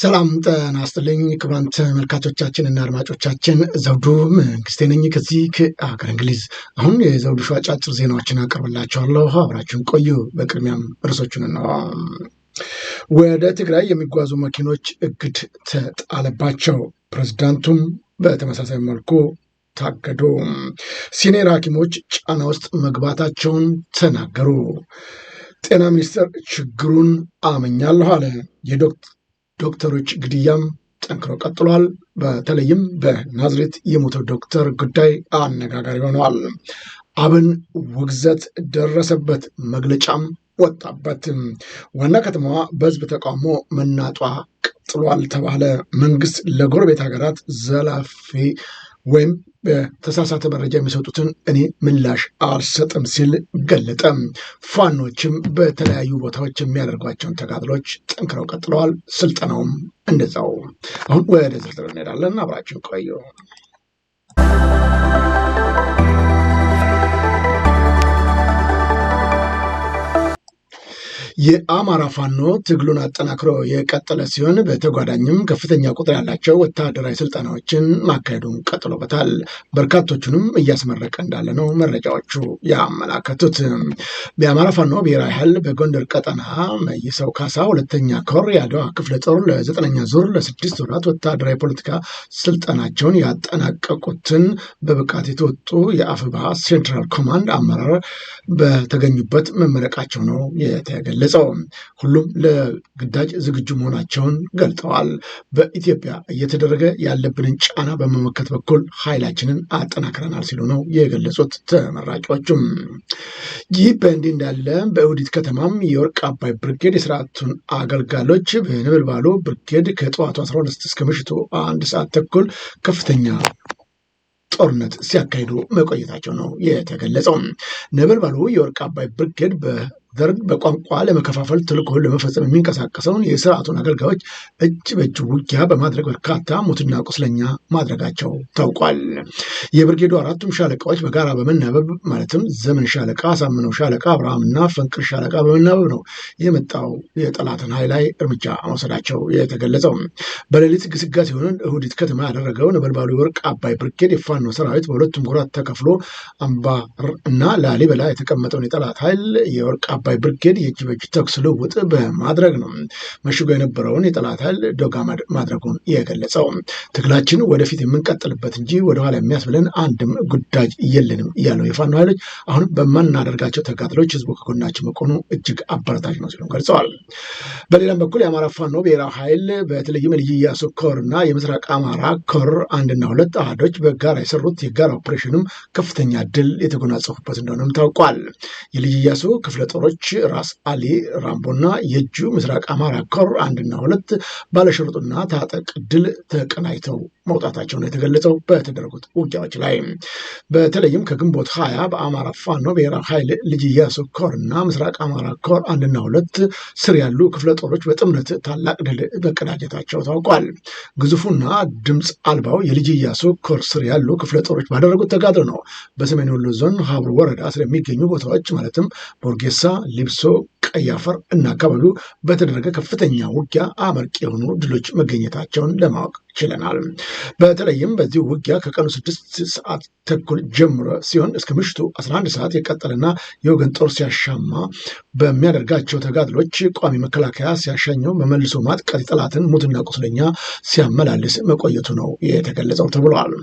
ሰላም ጤና ይስጥልኝ ክቡራን ተመልካቾቻችን እና አድማጮቻችን፣ ዘውዱ መንግስቴ ነኝ ከዚህ ከአገር እንግሊዝ። አሁን የዘውዱ ሾው አጫጭር ዜናዎችን አቀርብላችኋለሁ፣ አብራችሁን ቆዩ። በቅድሚያም ርዕሶቹን ነው። ወደ ትግራይ የሚጓዙ መኪኖች እግድ ተጣለባቸው፣ ፕሬዝዳንቱም በተመሳሳይ መልኩ ታገዱ። ሲኒየር ሀኪሞች ጫና ውስጥ መግባታቸውን ተናገሩ። ጤና ሚኒስቴር ችግሩን አመኛለሁ አለ። ዶክተሮች ግድያም ጠንክሮ ቀጥሏል። በተለይም በናዝሬት የሞተው ዶክተር ጉዳይ አነጋጋሪ ሆነዋል። አብን ውግዘት ደረሰበት፣ መግለጫም ወጣበት። ዋና ከተማዋ በህዝብ ተቃውሞ መናጧ ቀጥሏል ተባለ። መንግስት ለጎረቤት ሀገራት ዘላፊ ወይም በተሳሳተ መረጃ የሚሰጡትን እኔ ምላሽ አልሰጥም ሲል ገለጠ። ፋኖችም በተለያዩ ቦታዎች የሚያደርጓቸውን ተጋድሎች ጠንክረው ቀጥለዋል። ስልጠናውም እንደዛው። አሁን ወደ ዝርዝር እንሄዳለን። አብራችን ቆዩ። የአማራ ፋኖ ትግሉን አጠናክሮ የቀጠለ ሲሆን በተጓዳኝም ከፍተኛ ቁጥር ያላቸው ወታደራዊ ስልጠናዎችን ማካሄዱን ቀጥሎበታል። በርካቶቹንም እያስመረቀ እንዳለ ነው መረጃዎቹ ያመላከቱት። የአማራ ፋኖ ብሔራዊ ኃይል በጎንደር ቀጠና መይሰው ካሳ ሁለተኛ ኮር የአድዋ ክፍለ ጦር ለዘጠነኛ ዙር ለስድስት ወራት ወታደራዊ ፖለቲካ ስልጠናቸውን ያጠናቀቁትን በብቃት የተወጡ የአፍባ ሴንትራል ኮማንድ አመራር በተገኙበት መመረቃቸው ነው የተገለጸ ገልጸው ሁሉም ለግዳጅ ዝግጁ መሆናቸውን ገልጠዋል። በኢትዮጵያ እየተደረገ ያለብንን ጫና በመመከት በኩል ኃይላችንን አጠናክረናል ሲሉ ነው የገለጹት። ተመራቂዎቹም ይህ በእንዲህ እንዳለ በእውዲት ከተማም የወርቅ አባይ ብርጌድ የስርዓቱን አገልጋሎች በንብልባሉ ብርጌድ ከጠዋቱ 12 እስከ ምሽቱ አንድ ሰዓት ተኩል ከፍተኛ ጦርነት ሲያካሂዱ መቆየታቸው ነው የተገለጸው። ነበልባሉ የወርቅ አባይ ብርጌድ ዘርን በቋንቋ ለመከፋፈል ተልዕኮውን ለመፈጸም የሚንቀሳቀሰውን የስርዓቱን አገልጋዮች እጅ በእጅ ውጊያ በማድረግ በርካታ ሞትና ቁስለኛ ማድረጋቸው ታውቋል። የብርጌዱ አራቱም ሻለቃዎች በጋራ በመናበብ ማለትም ዘመን ሻለቃ፣ አሳምነው ሻለቃ፣ አብርሃምና ፈንቅር ሻለቃ በመናበብ ነው የመጣው የጠላትን ኃይል ላይ እርምጃ መውሰዳቸው የተገለጸው። በሌሊት ግስጋሴ ሲሆንን እሁዲት ከተማ ያደረገው ነበልባሉ የወርቅ አባይ ብርጌድ የፋኖ ሰራዊት በሁለቱም ጉራት ተከፍሎ አምባር እና ላሊበላ የተቀመጠውን የጠላት ኃይል የወርቅ አባይ አባይ ብርጌድ የእጅ በእጅ ተኩስ ልውውጥ በማድረግ ነው መሽጎ የነበረውን የጠላት ኃይል ዶጋ ማድረጉን የገለጸው። ትግላችን ወደፊት የምንቀጥልበት እንጂ ወደኋላ የሚያስብለን አንድም ጉዳይ የለንም ያለው የፋኖ ኃይሎች አሁን በማናደርጋቸው ተጋድሎች ህዝቡ ከጎናችን መቆኑ እጅግ አበረታች ነው ሲሉም ገልጸዋል። በሌላም በኩል የአማራ ፋኖ ብሔራዊ ኃይል በተለይም ልዩ ኢያሱ ኮር እና የምስራቅ አማራ ኮር አንድና ሁለት አህዶች በጋራ የሰሩት የጋራ ኦፕሬሽንም ከፍተኛ ድል የተጎናጸፉበት እንደሆነም ታውቋል። የልዩ ክፍለ ጦሮች ፓርቲዎች ራስ አሊ ራምቦና የእጁ ምስራቅ አማራ ኮር አንድና ሁለት ባለሽርጡና ታጠቅ ድል ተቀናጅተው መውጣታቸው ነው የተገለጸው። በተደረጉት ውጊያዎች ላይ በተለይም ከግንቦት ሀያ በአማራ ፋኖ ብሔራዊ ኃይል ልጅ ኢያሱ ኮር እና ምስራቅ አማራ ኮር አንድና ሁለት ስር ያሉ ክፍለ ጦሮች በጥምረት ታላቅ ድል መቀዳጀታቸው ታውቋል። ግዙፉና ድምፅ አልባው የልጅ ኢያሱ ኮር ስር ያሉ ክፍለ ጦሮች ባደረጉት ተጋድሎ ነው በሰሜን ወሎ ዞን ሀብሩ ወረዳ ስለሚገኙ ቦታዎች ማለትም ቦርጌሳ፣ ሊብሶ፣ ቀያፈር እና አካባቢው በተደረገ ከፍተኛ ውጊያ አመርቂ የሆኑ ድሎች መገኘታቸውን ለማወቅ ችለናል። በተለይም በዚህ ውጊያ ከቀኑ ስድስት ሰዓት ተኩል ጀምሮ ሲሆን እስከ ምሽቱ 11 ሰዓት የቀጠለና የወገን ጦር ሲያሻማ በሚያደርጋቸው ተጋድሎች ቋሚ መከላከያ ሲያሸኘው በመልሶ ማጥቃት የጠላትን ሙትና ቁስለኛ ሲያመላልስ መቆየቱ ነው የተገለጸው ተብለዋል።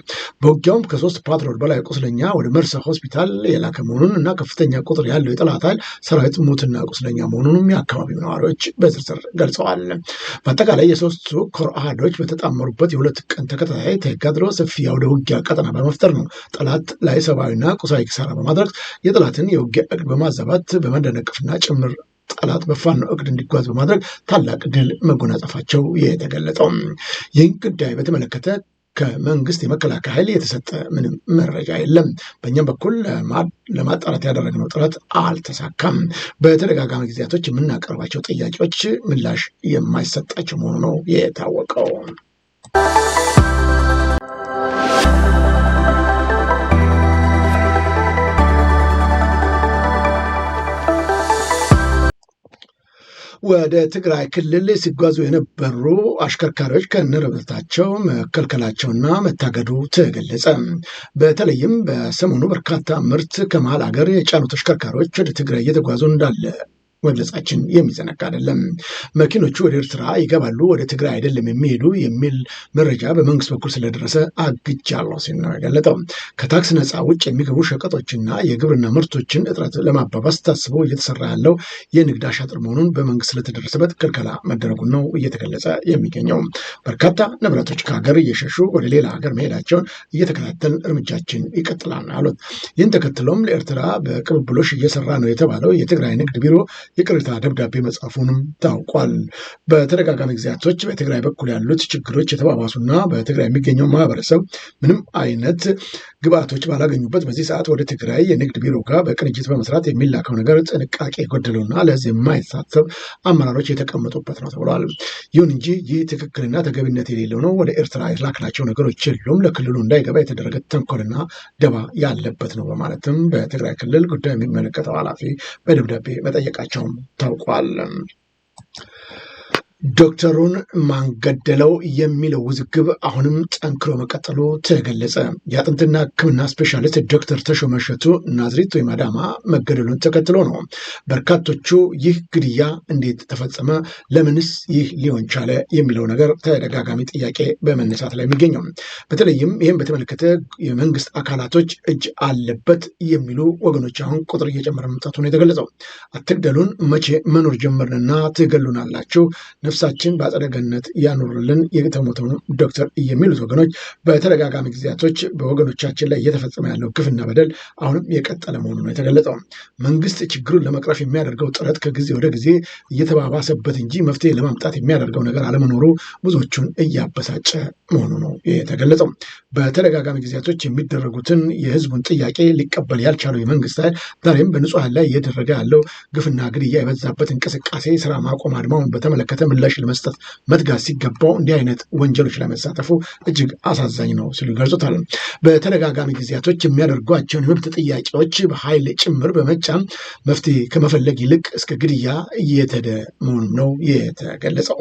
በውጊያውም ከሶስት ፓትሮል በላይ ቁስለኛ ወደ መርሳ ሆስፒታል የላከ መሆኑን እና ከፍተኛ ቁጥር ያለው የጠላት ኃይል ሰራዊት ሙትና ቁስለኛ መሆኑንም የአካባቢው ነዋሪዎች በዝርዝር ገልጸዋል። በአጠቃላይ የሶስቱ ኮር አሃዶች በተጣመሩበት የሁለት ቀን ተከታታይ ተጋድሎ ሰፊ አውደ ውጊያ ቀጠና በመፍጠር ነው ጠላት ላይ ሰብአዊና ቁሳዊ ኪሳራ በማድረግ የጠላትን የውጊያ እቅድ በማዛባት በመደነቅፍና ጭምር ጠላት በፋኖ እቅድ እንዲጓዝ በማድረግ ታላቅ ድል መጎናጸፋቸው የተገለጠው። ይህን ጉዳይ በተመለከተ ከመንግስት የመከላከያ ኃይል የተሰጠ ምንም መረጃ የለም። በእኛም በኩል ለማጣራት ያደረግነው ጥረት አልተሳካም። በተደጋጋሚ ጊዜያቶች የምናቀርባቸው ጥያቄዎች ምላሽ የማይሰጣቸው መሆኑ ነው የታወቀው። ወደ ትግራይ ክልል ሲጓዙ የነበሩ አሽከርካሪዎች ከነንብረታቸው መከልከላቸውና መታገዱ ተገለጸ። በተለይም በሰሞኑ በርካታ ምርት ከመሀል ሀገር የጫኑ ተሽከርካሪዎች ወደ ትግራይ እየተጓዙ እንዳለ መግለጻችን የሚዘነጋ አይደለም። መኪኖቹ ወደ ኤርትራ ይገባሉ፣ ወደ ትግራይ አይደለም የሚሄዱ የሚል መረጃ በመንግስት በኩል ስለደረሰ አግጃለሁ ሲል ነው የገለጠው። ከታክስ ነፃ ውጭ የሚገቡ ሸቀጦችና የግብርና ምርቶችን እጥረት ለማባባስ ታስቦ እየተሰራ ያለው የንግድ አሻጥር መሆኑን በመንግስት ስለተደረሰበት ክልከላ መደረጉን ነው እየተገለጸ የሚገኘው። በርካታ ንብረቶች ከሀገር እየሸሹ ወደ ሌላ ሀገር መሄዳቸውን እየተከታተል እርምጃችን ይቀጥላል አሉት። ይህን ተከትሎም ለኤርትራ በቅብብሎሽ እየሰራ ነው የተባለው የትግራይ ንግድ ቢሮ ይቅርታ ደብዳቤ መጻፉንም ታውቋል። በተደጋጋሚ ጊዜያቶች በትግራይ በኩል ያሉት ችግሮች የተባባሱና በትግራይ የሚገኘው ማህበረሰብ ምንም አይነት ግብአቶች ባላገኙበት በዚህ ሰዓት ወደ ትግራይ የንግድ ቢሮ ጋር በቅንጅት በመስራት የሚላከው ነገር ጥንቃቄ የጎደለውና ለህዝብ የማይሳተፍ አመራሮች የተቀመጡበት ነው ተብሏል። ይሁን እንጂ ይህ ትክክልና ተገቢነት የሌለው ነው። ወደ ኤርትራ የላክናቸው ነገሮች የሉም። ለክልሉ እንዳይገባ የተደረገ ተንኮልና ደባ ያለበት ነው በማለትም በትግራይ ክልል ጉዳይ የሚመለከተው ኃላፊ በደብዳቤ መጠየቃቸው መሆኑ ታውቋል። ዶክተሩን ማንገደለው የሚለው ውዝግብ አሁንም ጠንክሮ መቀጠሉ ተገለጸ። የአጥንትና ሕክምና ስፔሻሊስት ዶክተር ተሾመ እሸቱ ናዝሬት ወይም አዳማ መገደሉን ተከትሎ ነው። በርካቶቹ ይህ ግድያ እንዴት ተፈጸመ፣ ለምንስ ይህ ሊሆን ቻለ የሚለው ነገር ተደጋጋሚ ጥያቄ በመነሳት ላይ የሚገኘው በተለይም ይህም በተመለከተ የመንግስት አካላቶች እጅ አለበት የሚሉ ወገኖች አሁን ቁጥር እየጨመረ መምጣቱ ነው የተገለጸው። አትግደሉን፣ መቼ መኖር ጀመርንና ትገሉናላችሁ ነፍሳችን በአጸደ ገነት ያኑርልን የተሞተውን ዶክተር የሚሉት ወገኖች በተደጋጋሚ ጊዜያቶች በወገኖቻችን ላይ እየተፈጸመ ያለው ግፍና በደል አሁንም የቀጠለ መሆኑ ነው የተገለጠው። መንግስት ችግሩን ለመቅረፍ የሚያደርገው ጥረት ከጊዜ ወደ ጊዜ እየተባባሰበት እንጂ መፍትሄ ለማምጣት የሚያደርገው ነገር አለመኖሩ ብዙዎቹን እያበሳጨ መሆኑ ነው የተገለጸው። በተደጋጋሚ ጊዜያቶች የሚደረጉትን የህዝቡን ጥያቄ ሊቀበል ያልቻለው የመንግስት ኃይል ዛሬም በንጹሐን ላይ እየደረገ ያለው ግፍና ግድያ የበዛበት እንቅስቃሴ ስራ ማቆም አድማውን በተመለከተ ምላሽ ለመስጠት መትጋት ሲገባው እንዲህ አይነት ወንጀሎች ላይ መሳተፉ እጅግ አሳዛኝ ነው ሲሉ ይገልጹታል። በተደጋጋሚ ጊዜያቶች የሚያደርጓቸውን የመብት ጥያቄዎች በኃይል ጭምር በመጫን መፍትሄ ከመፈለግ ይልቅ እስከ ግድያ እየተደ መሆኑም ነው የተገለጸው።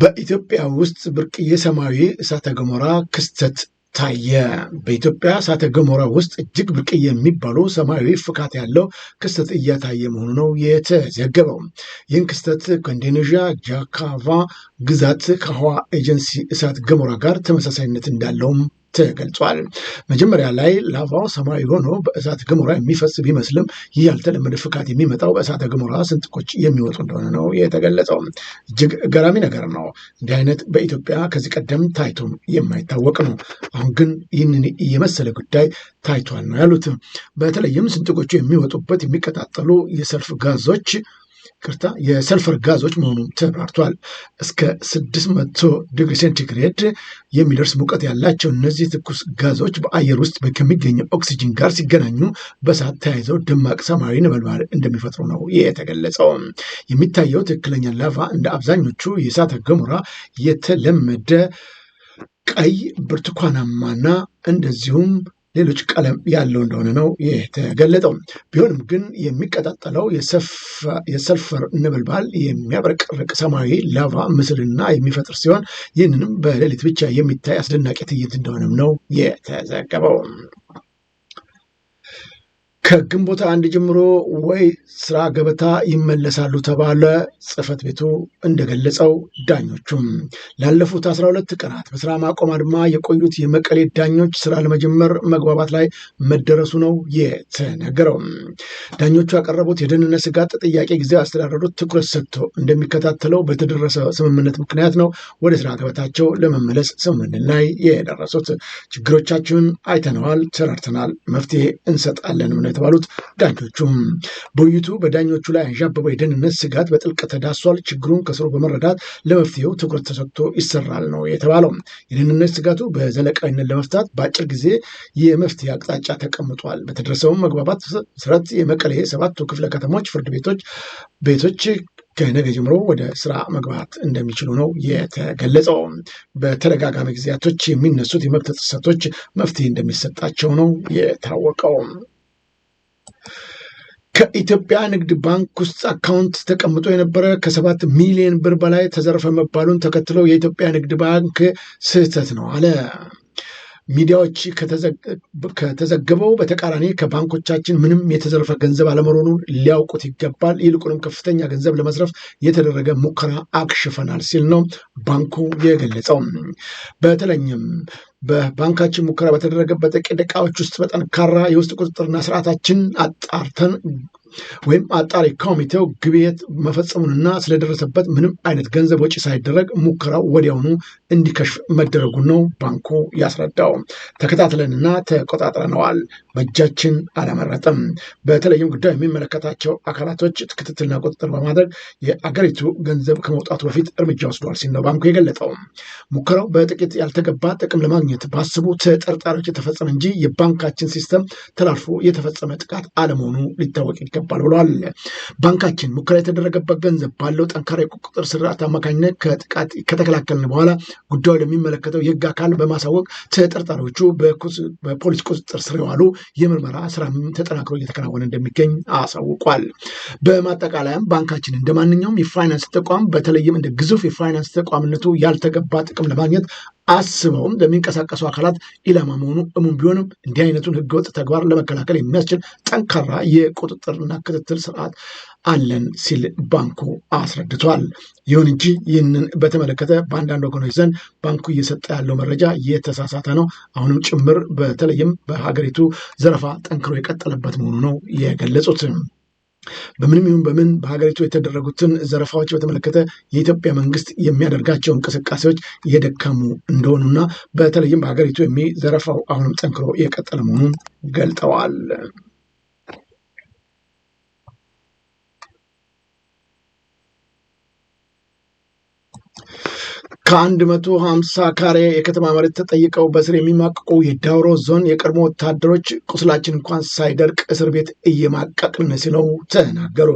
በኢትዮጵያ ውስጥ ብርቅዬ ሰማያዊ እሳተ ገሞራ ክስተት ታየ። በኢትዮጵያ እሳተ ገሞራ ውስጥ እጅግ ብርቅዬ የሚባለው ሰማያዊ ፍካት ያለው ክስተት እየታየ መሆኑ ነው የተዘገበው። ይህን ክስተት ከኢንዶኔዥያ ጃካቫ ግዛት ከህዋ ኤጀንሲ እሳት ገሞራ ጋር ተመሳሳይነት እንዳለውም ተገልጿል። መጀመሪያ ላይ ላቫው ሰማያዊ ሆኖ በእሳተ ገሞራ የሚፈስ ቢመስልም ይህ ያልተለመደ ፍካት የሚመጣው በእሳተ ገሞራ ስንጥቆች የሚወጡ እንደሆነ ነው የተገለጸው። እጅግ ገራሚ ነገር ነው። እንዲህ አይነት በኢትዮጵያ ከዚህ ቀደም ታይቶም የማይታወቅ ነው። አሁን ግን ይህንን የመሰለ ጉዳይ ታይቷል ነው ያሉት። በተለይም ስንጥቆቹ የሚወጡበት የሚቀጣጠሉ የሰልፍ ጋዞች ክርታ የሰልፈር ጋዞች መሆኑም ተብራርቷል። እስከ 600 ዲግሪ ሴንቲግሬድ የሚደርስ ሙቀት ያላቸው እነዚህ ትኩስ ጋዞች በአየር ውስጥ ከሚገኘው ኦክሲጂን ጋር ሲገናኙ በእሳት ተያይዘው ደማቅ ሰማያዊ ነበልባል እንደሚፈጥሩ ነው የተገለጸው። የሚታየው ትክክለኛ ላቫ እንደ አብዛኞቹ የእሳተ ገሞራ የተለመደ ቀይ፣ ብርቱካናማና እንደዚሁም ሌሎች ቀለም ያለው እንደሆነ ነው የተገለጠው። ቢሆንም ግን የሚቀጣጠለው የሰልፈር ነበልባል የሚያብረቀርቅ ሰማያዊ ላቫ ምስልና የሚፈጥር ሲሆን ይህንንም በሌሊት ብቻ የሚታይ አስደናቂ ትዕይንት እንደሆነም ነው የተዘገበው። ከግንቦት አንድ ጀምሮ ወይ ስራ ገበታ ይመለሳሉ ተባለ። ጽህፈት ቤቱ እንደገለጸው ዳኞቹም ላለፉት 12 ሁለት ቀናት በስራ ማቆም አድማ የቆዩት የመቀሌ ዳኞች ስራ ለመጀመር መግባባት ላይ መደረሱ ነው የተነገረው። ዳኞቹ ያቀረቡት የደህንነት ስጋት ጥያቄ ጊዜ አስተዳደሩት ትኩረት ሰጥቶ እንደሚከታተለው በተደረሰ ስምምነት ምክንያት ነው ወደ ስራ ገበታቸው ለመመለስ ስምምነት ላይ የደረሱት። ችግሮቻችሁን አይተነዋል፣ ተረድተናል፣ መፍትሄ እንሰጣለን እምነት የተባሉት ዳኞቹም በውይይቱ በዳኞቹ ላይ አንዣበበው የደህንነት ስጋት በጥልቅ ተዳሷል። ችግሩን ከስሩ በመረዳት ለመፍትሄው ትኩረት ተሰጥቶ ይሰራል ነው የተባለው። የደህንነት ስጋቱ በዘለቃዊነት ለመፍታት በአጭር ጊዜ የመፍትሄ አቅጣጫ ተቀምጧል። በተደረሰውም መግባባት መሰረት የመቀሌ ሰባቱ ክፍለ ከተሞች ፍርድ ቤቶች ቤቶች ከነገ ጀምሮ ወደ ስራ መግባት እንደሚችሉ ነው የተገለጸው። በተደጋጋሚ ጊዜያቶች የሚነሱት የመብት ጥሰቶች መፍትሄ እንደሚሰጣቸው ነው የታወቀው። ከኢትዮጵያ ንግድ ባንክ ውስጥ አካውንት ተቀምጦ የነበረ ከሰባት ሚሊዮን ብር በላይ ተዘረፈ መባሉን ተከትሎ የኢትዮጵያ ንግድ ባንክ ስህተት ነው አለ። ሚዲያዎች ከተዘገበው በተቃራኒ ከባንኮቻችን ምንም የተዘረፈ ገንዘብ አለመኖሩን ሊያውቁት ይገባል። ይልቁንም ከፍተኛ ገንዘብ ለመስረፍ የተደረገ ሙከራ አክሽፈናል ሲል ነው ባንኩ የገለጸው። በተለይም በባንካችን ሙከራ በተደረገበት ጥቂት ደቂቃዎች ውስጥ በጠንካራ የውስጥ ቁጥጥርና ስርዓታችን አጣርተን ወይም አጣሪ ኮሚቴው ግብት መፈጸሙንና ስለደረሰበት ምንም አይነት ገንዘብ ወጪ ሳይደረግ ሙከራው ወዲያውኑ እንዲከሽፍ መደረጉን ነው ባንኩ ያስረዳው። ተከታትለንና ተቆጣጥረነዋል። በእጃችን አለመረጥም። በተለይም ጉዳዩ የሚመለከታቸው አካላቶች ክትትልና ቁጥጥር በማድረግ የአገሪቱ ገንዘብ ከመውጣቱ በፊት እርምጃ ወስደዋል ሲል ነው ባንኩ የገለጠው። ሙከራው በጥቂት ያልተገባ ጥቅም ለማግኘት ባስቡ ተጠርጣሪዎች የተፈጸመ እንጂ የባንካችን ሲስተም ተላልፎ የተፈጸመ ጥቃት አለመሆኑ ሊታወቅ ይገባል። ይገባል ብለዋል። ባንካችን ሙከራ የተደረገበት ገንዘብ ባለው ጠንካራ የቁጥጥር ስርዓት አማካኝነት ከጥቃት ከተከላከልን በኋላ ጉዳዩ ለሚመለከተው የህግ አካል በማሳወቅ ተጠርጣሪዎቹ በፖሊስ ቁጥጥር ስር የዋሉ የምርመራ ስራ ተጠናክሮ እየተከናወነ እንደሚገኝ አሳውቋል። በማጠቃለያም ባንካችን እንደ ማንኛውም የፋይናንስ ተቋም በተለይም እንደ ግዙፍ የፋይናንስ ተቋምነቱ ያልተገባ ጥቅም ለማግኘት አስበውም ለሚንቀሳቀሱ አካላት ኢላማ መሆኑ እሙን ቢሆንም እንዲህ አይነቱን ህገወጥ ተግባር ለመከላከል የሚያስችል ጠንካራ የቁጥጥርና ክትትል ስርዓት አለን ሲል ባንኩ አስረድቷል። ይሁን እንጂ ይህንን በተመለከተ በአንዳንድ ወገኖች ዘንድ ባንኩ እየሰጠ ያለው መረጃ የተሳሳተ ነው፣ አሁንም ጭምር በተለይም በሀገሪቱ ዘረፋ ጠንክሮ የቀጠለበት መሆኑ ነው የገለጹትም። በምንም ይሁን በምን በሀገሪቱ የተደረጉትን ዘረፋዎች በተመለከተ የኢትዮጵያ መንግስት የሚያደርጋቸው እንቅስቃሴዎች እየደከሙ እንደሆኑና በተለይም በሀገሪቱ የሚ ዘረፋው አሁንም ጠንክሮ የቀጠለ መሆኑን ገልጠዋል። ከአንድ መቶ ሀምሳ ካሬ የከተማ መሬት ተጠይቀው በእስር የሚማቅቁ የዳውሮ ዞን የቀድሞ ወታደሮች ቁስላችን እንኳን ሳይደርቅ እስር ቤት እየማቀቅን ሲለው ተናገሩ።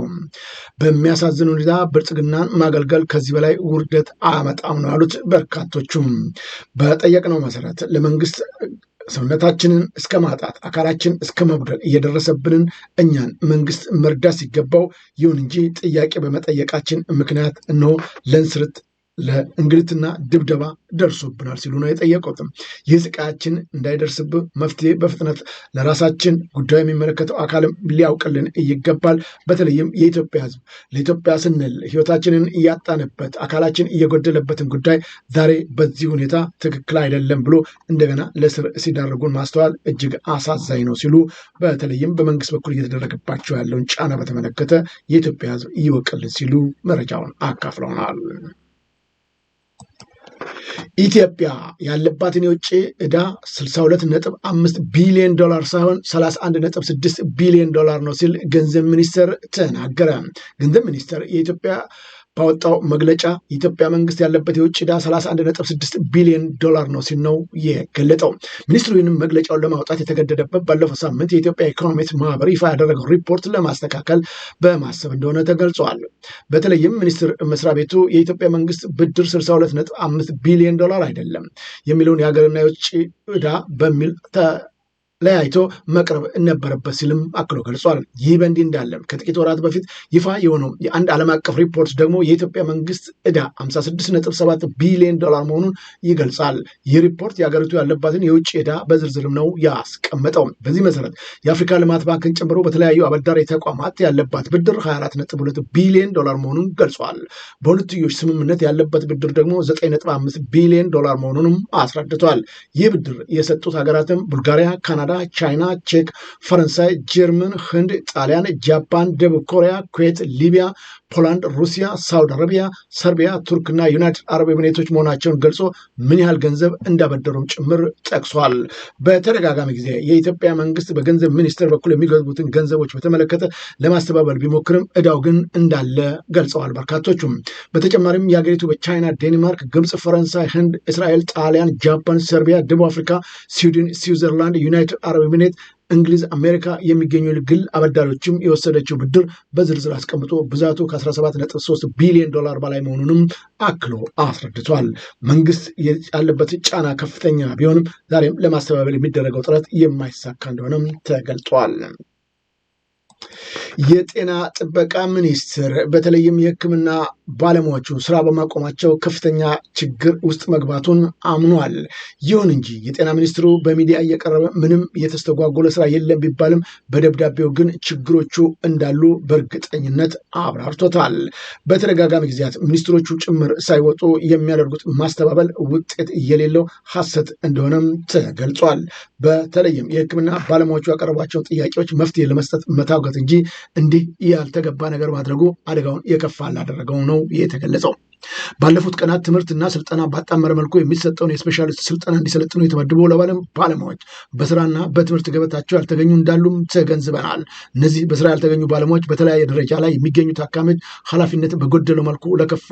በሚያሳዝን ሁኔታ ብልጽግናን ማገልገል ከዚህ በላይ ውርደት አያመጣም ነው ያሉት። በርካቶቹም በጠየቅነው መሰረት ለመንግስት ሰውነታችንን እስከ ማጣት አካላችን እስከ መጉደል እየደረሰብንን እኛን መንግስት መርዳት ሲገባው፣ ይሁን እንጂ ጥያቄ በመጠየቃችን ምክንያት እነሆ ለእንስርት ለእንግልትና ድብደባ ደርሶብናል ሲሉ ነው የጠየቁትም። ይህ ስቃያችን እንዳይደርስብ መፍትሄ በፍጥነት ለራሳችን ጉዳዩ የሚመለከተው አካልም ሊያውቅልን ይገባል። በተለይም የኢትዮጵያ ሕዝብ ለኢትዮጵያ ስንል ህይወታችንን እያጣንበት አካላችን እየጎደለበትን ጉዳይ ዛሬ በዚህ ሁኔታ ትክክል አይደለም ብሎ እንደገና ለስር ሲዳረጉን ማስተዋል እጅግ አሳዛኝ ነው ሲሉ በተለይም በመንግስት በኩል እየተደረገባቸው ያለውን ጫና በተመለከተ የኢትዮጵያ ሕዝብ ይወቅልን ሲሉ መረጃውን አካፍለውናል። ኢትዮጵያ ያለባትን የውጭ ዕዳ 62.5 ቢሊዮን ዶላር ሳይሆን 31.6 ቢሊዮን ዶላር ነው ሲል ገንዘብ ሚኒስቴር ተናገረ። ገንዘብ ሚኒስቴር የኢትዮጵያ ባወጣው መግለጫ የኢትዮጵያ መንግስት ያለበት የውጭ ዕዳ 31.6 ቢሊዮን ዶላር ነው ሲል ነው የገለጠው። ሚኒስትሩ ይህንም መግለጫውን ለማውጣት የተገደደበት ባለፈው ሳምንት የኢትዮጵያ ኢኮኖሚክስ ማህበር ይፋ ያደረገው ሪፖርት ለማስተካከል በማሰብ እንደሆነ ተገልጿል። በተለይም ሚኒስትር መስሪያ ቤቱ የኢትዮጵያ መንግስት ብድር 62.5 ቢሊዮን ዶላር አይደለም የሚለውን የሀገርና የውጭ ዕዳ በሚል ለያይቶ መቅረብ ነበረበት ሲልም አክሎ ገልጿል። ይህ በእንዲህ እንዳለ ከጥቂት ወራት በፊት ይፋ የሆነው የአንድ ዓለም አቀፍ ሪፖርት ደግሞ የኢትዮጵያ መንግስት ዕዳ 56.7 ቢሊዮን ዶላር መሆኑን ይገልጻል። ይህ ሪፖርት የሀገሪቱ ያለባትን የውጭ ዕዳ በዝርዝርም ነው ያስቀመጠው። በዚህ መሰረት የአፍሪካ ልማት ባንክን ጨምሮ በተለያዩ አበዳሪ ተቋማት ያለባት ብድር 24.2 ቢሊዮን ዶላር መሆኑን ገልጿል። በሁለትዮሽ ስምምነት ያለበት ብድር ደግሞ 9.5 ቢሊዮን ዶላር መሆኑንም አስረድቷል። ይህ ብድር የሰጡት ሀገራትም ቡልጋሪያ፣ ካናዳ ካናዳ፣ ቻይና፣ ቼክ፣ ፈረንሳይ፣ ጀርመን፣ ህንድ፣ ጣሊያን፣ ጃፓን፣ ደቡብ ኮሪያ፣ ኩዌት፣ ሊቢያ፣ ፖላንድ፣ ሩሲያ፣ ሳውዲ አረቢያ፣ ሰርቢያ፣ ቱርክና ዩናይትድ አረብ ኤምሬቶች መሆናቸውን ገልጾ ምን ያህል ገንዘብ እንዳበደሩም ጭምር ጠቅሷል። በተደጋጋሚ ጊዜ የኢትዮጵያ መንግስት በገንዘብ ሚኒስቴር በኩል የሚገቡትን ገንዘቦች በተመለከተ ለማስተባበል ቢሞክርም እዳው ግን እንዳለ ገልጸዋል በርካቶቹም። በተጨማሪም የሀገሪቱ በቻይና፣ ዴንማርክ፣ ግብፅ፣ ፈረንሳይ፣ ህንድ፣ እስራኤል፣ ጣሊያን፣ ጃፓን፣ ሰርቢያ፣ ደቡብ አፍሪካ፣ ስዊድን፣ ስዊዘርላንድ፣ ዩናይትድ አረብ ኤሚሬት፣ እንግሊዝ፣ አሜሪካ የሚገኙ ግል አበዳሪዎችም የወሰደችው ብድር በዝርዝር አስቀምጦ ብዛቱ ከ17.3 ቢሊዮን ዶላር በላይ መሆኑንም አክሎ አስረድቷል። መንግስት ያለበት ጫና ከፍተኛ ቢሆንም ዛሬም ለማስተባበል የሚደረገው ጥረት የማይሳካ እንደሆነም ተገልጿል። የጤና ጥበቃ ሚኒስቴር በተለይም የሕክምና ባለሙያዎቹ ስራ በማቆማቸው ከፍተኛ ችግር ውስጥ መግባቱን አምኗል። ይሁን እንጂ የጤና ሚኒስትሩ በሚዲያ እየቀረበ ምንም የተስተጓጎለ ስራ የለም ቢባልም በደብዳቤው ግን ችግሮቹ እንዳሉ በእርግጠኝነት አብራርቶታል። በተደጋጋሚ ጊዜያት ሚኒስትሮቹ ጭምር ሳይወጡ የሚያደርጉት ማስተባበል ውጤት የሌለው ሐሰት እንደሆነም ተገልጿል። በተለይም የሕክምና ባለሙያዎቹ ያቀረቧቸውን ጥያቄዎች መፍትሄ ለመስጠት መታገ መሰረት እንጂ እንዲህ ያልተገባ ነገር ማድረጉ አደጋውን የከፋ ላደረገው ነው የተገለጸው። ባለፉት ቀናት ትምህርትና ስልጠና ባጣመረ መልኩ የሚሰጠውን የስፔሻሊስት ስልጠና እንዲሰለጥኑ የተመድበው ለባለም ባለሙያዎች በስራና በትምህርት ገበታቸው ያልተገኙ እንዳሉም ተገንዝበናል። እነዚህ በስራ ያልተገኙ ባለሙያዎች በተለያየ ደረጃ ላይ የሚገኙ ታካሚዎች ኃላፊነት በጎደለው መልኩ ለከፋ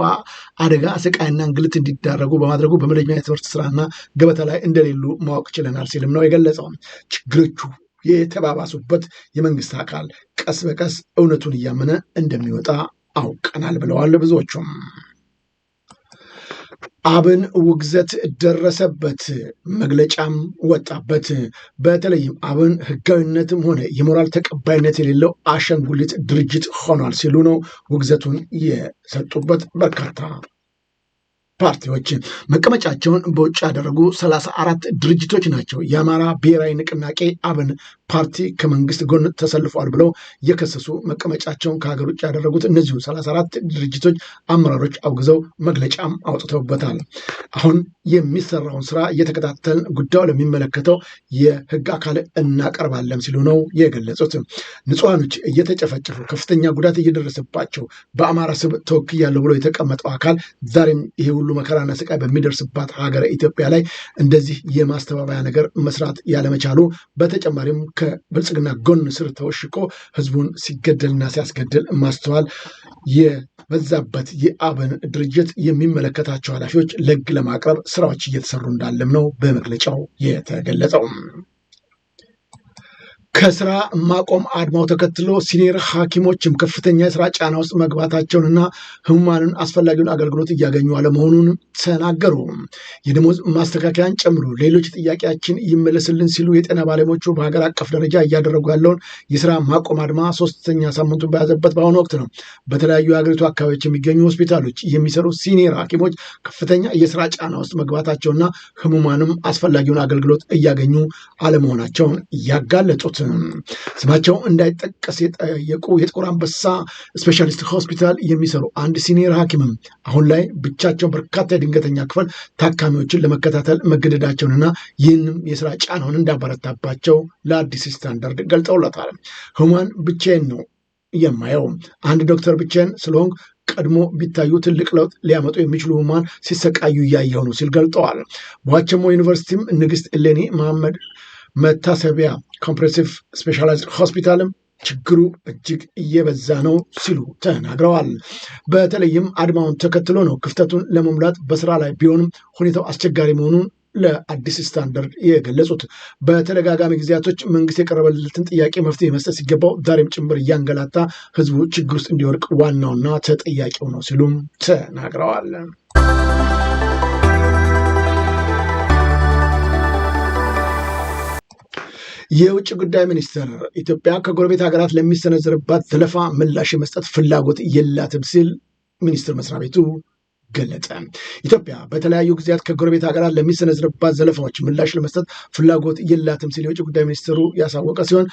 አደጋ፣ ስቃይና እንግልት እንዲዳረጉ በማድረጉ በመደበኛ የትምህርት ስራና ገበታ ላይ እንደሌሉ ማወቅ ችለናል ሲልም ነው የገለጸው። ችግሮቹ የተባባሱበት የመንግስት አካል ቀስ በቀስ እውነቱን እያመነ እንደሚወጣ አውቀናል ብለዋል ብዙዎቹም። አብን ውግዘት ደረሰበት፣ መግለጫም ወጣበት። በተለይም አብን ህጋዊነትም ሆነ የሞራል ተቀባይነት የሌለው አሻንጉሊት ድርጅት ሆኗል ሲሉ ነው ውግዘቱን የሰጡበት በርካታ ፓርቲዎች መቀመጫቸውን በውጭ ያደረጉ ሰላሳ አራት ድርጅቶች ናቸው። የአማራ ብሔራዊ ንቅናቄ አብን ፓርቲ ከመንግስት ጎን ተሰልፏል ብለው የከሰሱ መቀመጫቸውን ከሀገር ውጭ ያደረጉት እነዚሁ ሰላሳ አራት ድርጅቶች አመራሮች አውግዘው መግለጫም አውጥተውበታል። አሁን የሚሰራውን ስራ እየተከታተልን ጉዳዩ ለሚመለከተው የህግ አካል እናቀርባለን ሲሉ ነው የገለጹት። ንጹሐኖች እየተጨፈጨፉ ከፍተኛ ጉዳት እየደረሰባቸው በአማራ ስብ ተወክያለሁ ብሎ የተቀመጠው አካል ዛሬም ይሄ ሁሉ መከራና ስቃይ በሚደርስባት ሀገር ኢትዮጵያ ላይ እንደዚህ የማስተባበያ ነገር መስራት ያለመቻሉ በተጨማሪም ከብልጽግና ጎን ስር ተወሽቆ ህዝቡን ሲገደልና ሲያስገድል ማስተዋል የበዛበት የአብን ድርጅት የሚመለከታቸው ኃላፊዎች ለግ ለማቅረብ ስራዎች እየተሰሩ እንዳለም ነው በመግለጫው የተገለጸው። ከስራ ማቆም አድማው ተከትሎ ሲኒየር ሐኪሞችም ከፍተኛ የስራ ጫና ውስጥ መግባታቸውንና ህሙማንን አስፈላጊውን አገልግሎት እያገኙ አለመሆኑን ተናገሩ። የደሞዝ ማስተካከያን ጨምሮ ሌሎች ጥያቄያችን ይመለስልን ሲሉ የጤና ባለሙያዎቹ በሀገር አቀፍ ደረጃ እያደረጉ ያለውን የስራ ማቆም አድማ ሶስተኛ ሳምንቱን በያዘበት በአሁኑ ወቅት ነው። በተለያዩ የሀገሪቱ አካባቢዎች የሚገኙ ሆስፒታሎች የሚሰሩ ሲኒየር ሐኪሞች ከፍተኛ የስራ ጫና ውስጥ መግባታቸውና ህሙማንም አስፈላጊውን አገልግሎት እያገኙ አለመሆናቸውን ያጋለጡት ስማቸው እንዳይጠቀስ የጠየቁ የጥቁር አንበሳ ስፔሻሊስት ሆስፒታል የሚሰሩ አንድ ሲኒየር ሐኪምም አሁን ላይ ብቻቸውን በርካታ የድንገተኛ ክፍል ታካሚዎችን ለመከታተል መገደዳቸውንና ይህንም የስራ ጫናውን እንዳበረታባቸው ለአዲስ ስታንዳርድ ገልጸውለታል። ህሙማን ብቻዬን ነው የማየው አንድ ዶክተር ብቻዬን ስለሆንኩ ቀድሞ ቢታዩ ትልቅ ለውጥ ሊያመጡ የሚችሉ ህሙማን ሲሰቃዩ እያየሁ ነው ሲል ገልጠዋል። በዋቸሞ ዩኒቨርሲቲም ንግስት እሌኒ መሐመድ መታሰቢያ ኮምፕሬሲቭ ስፔሻላይዝድ ሆስፒታልም ችግሩ እጅግ እየበዛ ነው ሲሉ ተናግረዋል። በተለይም አድማውን ተከትሎ ነው ክፍተቱን ለመሙላት በስራ ላይ ቢሆንም ሁኔታው አስቸጋሪ መሆኑን ለአዲስ ስታንዳርድ የገለጹት በተደጋጋሚ ጊዜያቶች መንግስት የቀረበለትን ጥያቄ መፍትሄ መስጠት ሲገባው ዛሬም ጭምር እያንገላታ ህዝቡ ችግር ውስጥ እንዲወርቅ ዋናውና ተጠያቂው ነው ሲሉም ተናግረዋል። የውጭ ጉዳይ ሚኒስትር ኢትዮጵያ ከጎረቤት ሀገራት ለሚሰነዘርባት ዘለፋ ምላሽ የመስጠት ፍላጎት የላትም ሲል ሚኒስትር መስሪያ ቤቱ ገለጠ። ኢትዮጵያ በተለያዩ ጊዜያት ከጎረቤት ሀገራት ለሚሰነዝርባት ዘለፋዎች ምላሽ ለመስጠት ፍላጎት የላትም ሲል የውጭ ጉዳይ ሚኒስትሩ ያሳወቀ ሲሆን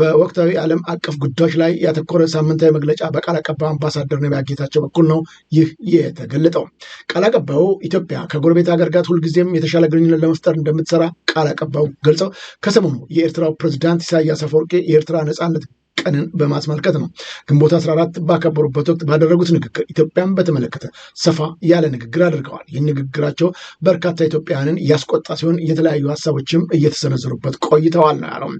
በወቅታዊ ዓለም አቀፍ ጉዳዮች ላይ ያተኮረ ሳምንታዊ መግለጫ በቃል አቀባዩ አምባሳደር ነቢያት ጌታቸው በኩል ነው ይህ የተገለጠው። ቃል አቀባዩ ኢትዮጵያ ከጎረቤት ሀገር ጋር ሁልጊዜም የተሻለ ግንኙነት ለመፍጠር እንደምትሰራ ቃል አቀባዩ ገልጸው ከሰሞኑ የኤርትራው ፕሬዚዳንት ኢሳያስ አፈወርቂ የኤርትራ ነጻነት ቀንን በማስመልከት ነው። ግንቦት 14 ባከበሩበት ወቅት ባደረጉት ንግግር ኢትዮጵያን በተመለከተ ሰፋ ያለ ንግግር አድርገዋል። ይህ ንግግራቸው በርካታ ኢትዮጵያውያንን ያስቆጣ ሲሆን የተለያዩ ሀሳቦችም እየተሰነዘሩበት ቆይተዋል ነው ያለው።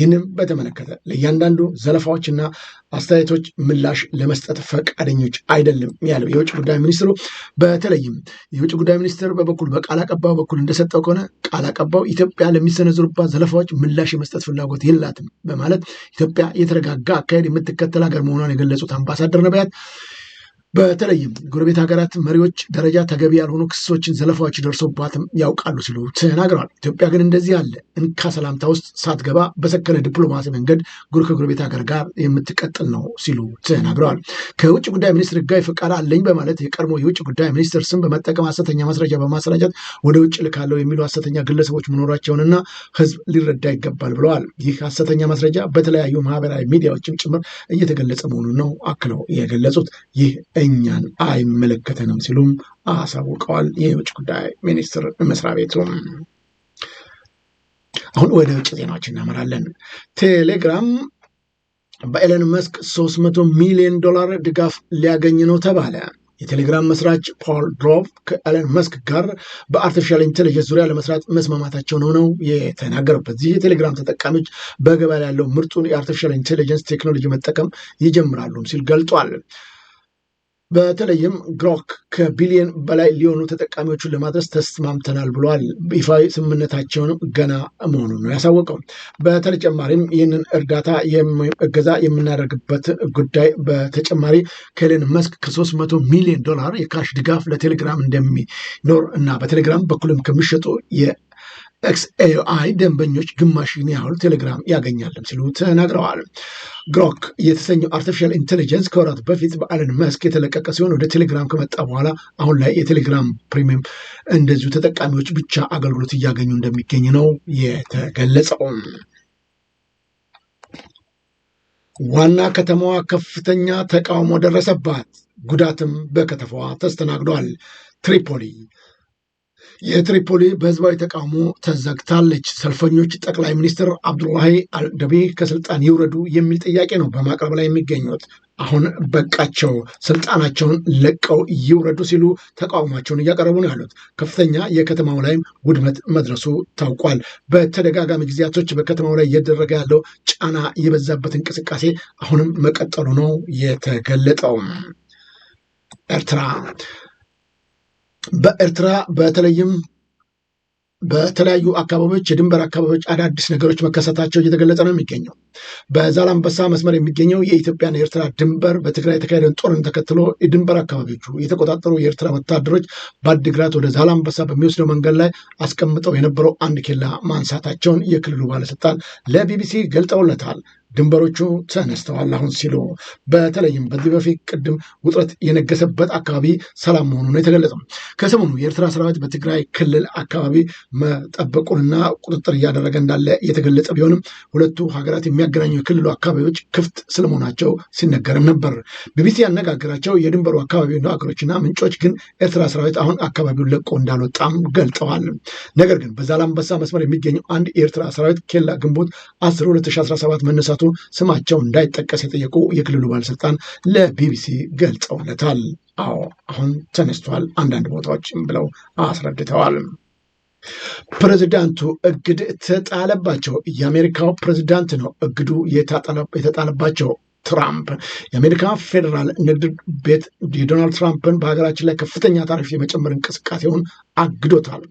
ይህንም በተመለከተ ለእያንዳንዱ ዘለፋዎችና አስተያየቶች ምላሽ ለመስጠት ፈቃደኞች አይደለም ያለው የውጭ ጉዳይ ሚኒስትሩ በተለይም የውጭ ጉዳይ ሚኒስትር በበኩል በቃል አቀባው በኩል እንደሰጠው ከሆነ ቃል አቀባው ኢትዮጵያ ለሚሰነዝሩባት ዘለፋዎች ምላሽ የመስጠት ፍላጎት የላትም በማለት ኢትዮጵያ የተረጋጋ አካሄድ የምትከተል ሀገር መሆኗን የገለጹት አምባሳደር ነቢያት በተለይም ጎረቤት ሀገራት መሪዎች ደረጃ ተገቢ ያልሆኑ ክሶችን፣ ዘለፋዎች ደርሶባትም ያውቃሉ ሲሉ ተናግረዋል። ኢትዮጵያ ግን እንደዚህ ያለ እንካ ሰላምታ ውስጥ ሳትገባ በሰከነ ዲፕሎማሲ መንገድ ጉር ከጎረቤት ሀገር ጋር የምትቀጥል ነው ሲሉ ተናግረዋል። ከውጭ ጉዳይ ሚኒስትር ህጋዊ ፈቃድ አለኝ በማለት የቀድሞ የውጭ ጉዳይ ሚኒስትር ስም በመጠቀም ሀሰተኛ ማስረጃ በማሰራጨት ወደ ውጭ ልካለው የሚሉ ሀሰተኛ ግለሰቦች መኖራቸውንና ህዝብ ሊረዳ ይገባል ብለዋል። ይህ ሀሰተኛ ማስረጃ በተለያዩ ማህበራዊ ሚዲያዎችም ጭምር እየተገለጸ መሆኑን ነው አክለው የገለጹት ይህ እኛን አይመለከተንም ሲሉም አሳውቀዋል። የውጭ ጉዳይ ሚኒስትር መስሪያ ቤቱ አሁን ወደ ውጭ ዜናዎች እናመራለን። ቴሌግራም በኤለን መስክ 300 ሚሊዮን ዶላር ድጋፍ ሊያገኝ ነው ተባለ። የቴሌግራም መስራች ፖል ድሮቭ ከኤለን መስክ ጋር በአርቲፊሻል ኢንቴሊጀንስ ዙሪያ ለመስራት መስማማታቸው ነው ነው የተናገሩት። በዚህ የቴሌግራም ተጠቃሚዎች በገበያ ላይ ያለው ምርጡን የአርቲፊሻል ኢንቴሊጀንስ ቴክኖሎጂ መጠቀም ይጀምራሉ ሲል ገልጧል። በተለይም ግሮክ ከቢሊየን በላይ ሊሆኑ ተጠቃሚዎቹን ለማድረስ ተስማምተናል ብለዋል። ይፋዊ ስምምነታቸውንም ገና መሆኑን ነው ያሳወቀው። በተጨማሪም ይህንን እርዳታ እገዛ የምናደርግበት ጉዳይ በተጨማሪ ከኤለን መስክ ከ መቶ ሚሊዮን ዶላር የካሽ ድጋፍ ለቴሌግራም እንደሚኖር እና በቴሌግራም በኩልም ከሚሸጡ ኤክስኤአይ ደንበኞች ግማሽን ያህል ቴሌግራም ያገኛለም ሲሉ ተናግረዋል። ግሮክ የተሰኘው አርቲፊሻል ኢንቴሊጀንስ ከወራት በፊት በአለን መስክ የተለቀቀ ሲሆን ወደ ቴሌግራም ከመጣ በኋላ አሁን ላይ የቴሌግራም ፕሪሚየም እንደዚሁ ተጠቃሚዎች ብቻ አገልግሎት እያገኙ እንደሚገኝ ነው የተገለጸው። ዋና ከተማዋ ከፍተኛ ተቃውሞ ደረሰባት፣ ጉዳትም በከተማዋ ተስተናግዷል። ትሪፖሊ የትሪፖሊ በህዝባዊ ተቃውሞ ተዘግታለች። ሰልፈኞች ጠቅላይ ሚኒስትር አብዱላሂ አልደቤ ከስልጣን ይውረዱ የሚል ጥያቄ ነው በማቅረብ ላይ የሚገኙት። አሁን በቃቸው፣ ስልጣናቸውን ለቀው ይውረዱ ሲሉ ተቃውሟቸውን እያቀረቡ ነው ያሉት። ከፍተኛ የከተማው ላይም ውድመት መድረሱ ታውቋል። በተደጋጋሚ ጊዜያቶች በከተማው ላይ እየደረገ ያለው ጫና የበዛበት እንቅስቃሴ አሁንም መቀጠሉ ነው የተገለጠው። ኤርትራ በኤርትራ በተለይም በተለያዩ አካባቢዎች የድንበር አካባቢዎች አዳዲስ ነገሮች መከሰታቸው እየተገለጸ ነው የሚገኘው። በዛላምበሳ መስመር የሚገኘው የኢትዮጵያን የኤርትራ ድንበር በትግራይ የተካሄደን ጦርን ተከትሎ የድንበር አካባቢዎቹ የተቆጣጠሩ የኤርትራ ወታደሮች በአዲግራት ወደ ዛላምበሳ በሚወስደው መንገድ ላይ አስቀምጠው የነበረው አንድ ኬላ ማንሳታቸውን የክልሉ ባለስልጣን ለቢቢሲ ገልጸውለታል። ድንበሮቹ ተነስተዋል አሁን ሲሉ በተለይም በዚህ በፊት ቅድም ውጥረት የነገሰበት አካባቢ ሰላም መሆኑን የተገለጸው ከሰሞኑ የኤርትራ ሰራዊት በትግራይ ክልል አካባቢ መጠበቁንና ቁጥጥር እያደረገ እንዳለ የተገለጸ ቢሆንም ሁለቱ ሀገራት የሚያገናኙ የክልሉ አካባቢዎች ክፍት ስለመሆናቸው ሲነገርም ነበር። ቢቢሲ ያነጋገራቸው የድንበሩ አካባቢ ሀገሮችና ምንጮች ግን ኤርትራ ሰራዊት አሁን አካባቢውን ለቆ እንዳልወጣም ገልጠዋል። ነገር ግን በዛላምበሳ መስመር የሚገኘው አንድ የኤርትራ ሰራዊት ኬላ ግንቦት 10 2017 መነሳቱ ምክንያቱ ስማቸው እንዳይጠቀስ የጠየቁ የክልሉ ባለስልጣን ለቢቢሲ ገልጸውለታል። አዎ አሁን ተነስቷል አንዳንድ ቦታዎችም ብለው አስረድተዋል። ፕሬዚዳንቱ እግድ ተጣለባቸው። የአሜሪካው ፕሬዚዳንት ነው እግዱ የተጣለባቸው ትራምፕ የአሜሪካ ፌዴራል ንግድ ቤት የዶናልድ ትራምፕን በሀገራችን ላይ ከፍተኛ ታሪፍ የመጨመር እንቅስቃሴውን አግዶታል።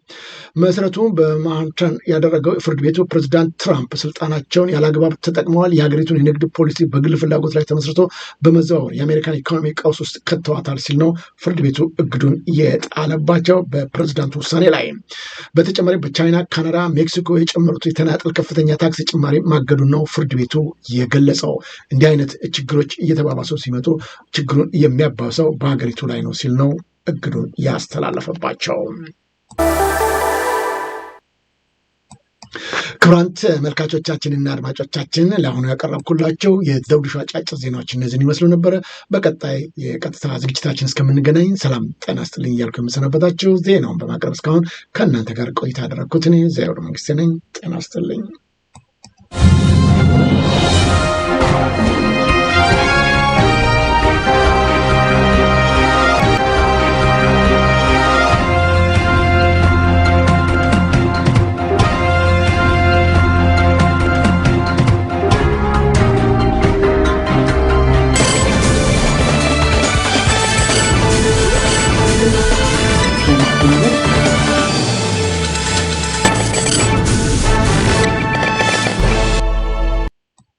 መሰረቱ በማንተን ያደረገው ፍርድ ቤቱ ፕሬዚዳንት ትራምፕ ስልጣናቸውን ያለአግባብ ተጠቅመዋል፣ የሀገሪቱን የንግድ ፖሊሲ በግል ፍላጎት ላይ ተመስርቶ በመዘዋወር የአሜሪካን ኢኮኖሚ ቀውስ ውስጥ ከተዋታል ሲል ነው ፍርድ ቤቱ እግዱን የጣለባቸው በፕሬዚዳንቱ ውሳኔ ላይ። በተጨማሪ በቻይና፣ ካናዳ፣ ሜክሲኮ የጨመሩት የተናጠል ከፍተኛ ታክስ ጭማሪ ማገዱን ነው ፍርድ ቤቱ የገለጸው። እንዲህ አይነት ችግሮች እየተባባሰው ሲመጡ ችግሩን የሚያባሰው በሀገሪቱ ላይ ነው ሲል ነው እግዱን ያስተላለፈባቸው። ክቡራን ተመልካቾቻችንና አድማጮቻችን ለአሁኑ ያቀረብኩላቸው የዘውዱ ሾው አጫጭር ዜናዎች እነዚህን ይመስሉ ነበረ። በቀጣይ የቀጥታ ዝግጅታችን እስከምንገናኝ ሰላም ጤና ስጥልኝ እያልኩ የምሰናበታቸው ዜናውን በማቅረብ እስካሁን ከእናንተ ጋር ቆይታ ያደረግኩት እኔ ዘውዱ መንግስቴ ነኝ። ጤና ስጥልኝ።